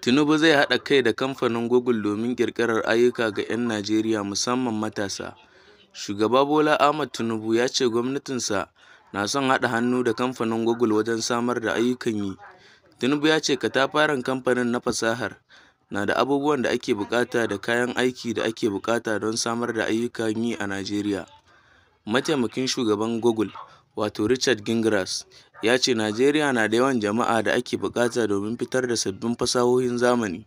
Tinubu zai haɗa kai da kamfanin Google domin ƙirƙirar ayyuka ga 'yan Najeriya, musamman matasa. Shugaba Bola Ahmad Tinubu ya ce gwamnatinsa na son haɗa hannu da kamfanin Google wajen samar da ayyukan yi. Tinubu ya ce katafaren kamfanin na fasahar na da abubuwan da ake buƙata da kayan aiki da ake buƙata don samar da ayyukan yi a Najeriya. Mataimakin Shugaban Google, wato Richard Gingras. Ya ce Najeriya na da yawan jama'a da ake buƙata domin fitar da sabbin fasahohin zamani.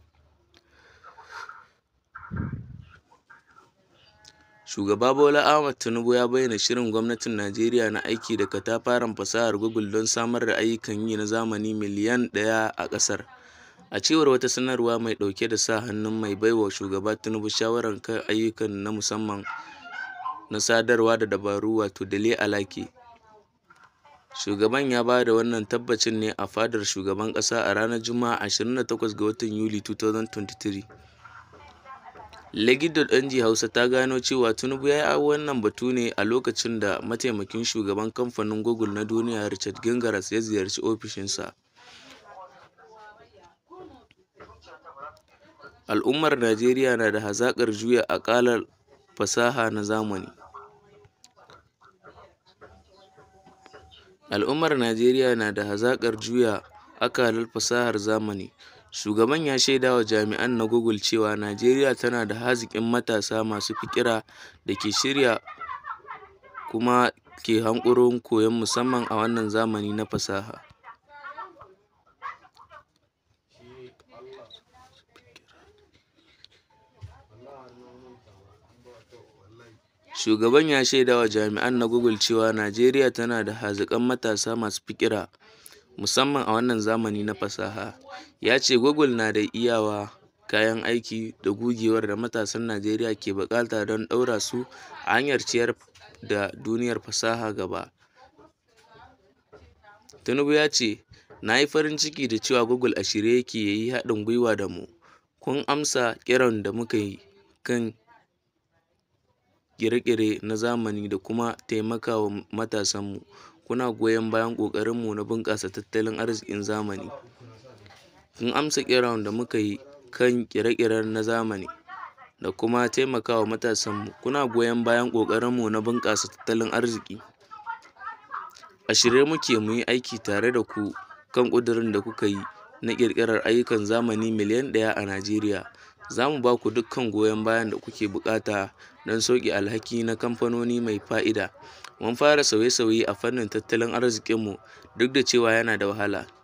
Shugaba Bola Ahmad Tinubu ya bayyana shirin gwamnatin Najeriya na aiki da katafaren fasahar Google don samar da ayyukan yi na zamani miliyan ɗaya a ƙasar. A cewar wata sanarwa mai ɗauke da sa hannun mai baiwa shugaba Tinubu shawarar kan ayyukan na musamman na sadarwa da dabaru wato Dele Alaki. Shugaban ya ba da wannan tabbacin ne a fadar shugaban ƙasa a ranar Juma'a 28 ga watan Yuli 2023. Legidot NG Hausa ta gano cewa Tinubu ya yi wannan batu ne a lokacin da mataimakin shugaban kamfanin Google na duniya Richard Gingras ya ziyarci ofishinsa. Al'ummar Najeriya na da hazaƙar juya akalar fasaha na zamani. Al'ummar Najeriya na da hazaƙar juya akalar fasahar zamani, shugaban ya shaidawa jami'an na Google cewa Najeriya tana da hazikin matasa masu fikira da ke shirya kuma ke hanƙurin koyon musamman a wannan zamani na fasaha. Shugaban ya shaida wa jami'an na Google cewa Najeriya tana da haziƙan matasa masu fikira, musamman a wannan zamani na fasaha. Ya ce Google na da iyawa, kayan aiki, da gugewar da matasan Najeriya ke buƙata don ɗaura su a hanyar ciyar da duniyar fasaha gaba. Tinubu ya ce, "Na yi farin ciki da cewa Google a shirye yake ya yi haɗin gwiwa da mu, kun amsa kiran da muka yi kan kire-kire na zamani da kuma taimakawa matasanmu. Kuna goyon bayan ƙoƙarinmu na bunƙasa tattalin arzikin zamani. Kun amsa kiran da muka yi kan ƙire na zamani da kuma taimakawa matasanmu. Kuna goyon bayan ƙoƙarinmu na bunƙasa tattalin arziki. A shirye muke mu yi aiki tare da ku kan ƙudurin da kuka yi na ƙirƙirar ayyukan zamani miliyan ɗaya a Najeriya. Za mu ba ku dukkan goyon bayan da kuke buƙata don sauƙi alhaki na kamfanoni mai fa'ida. Mun fara sauye-sauye a fannin tattalin arzikinmu duk da cewa yana da wahala.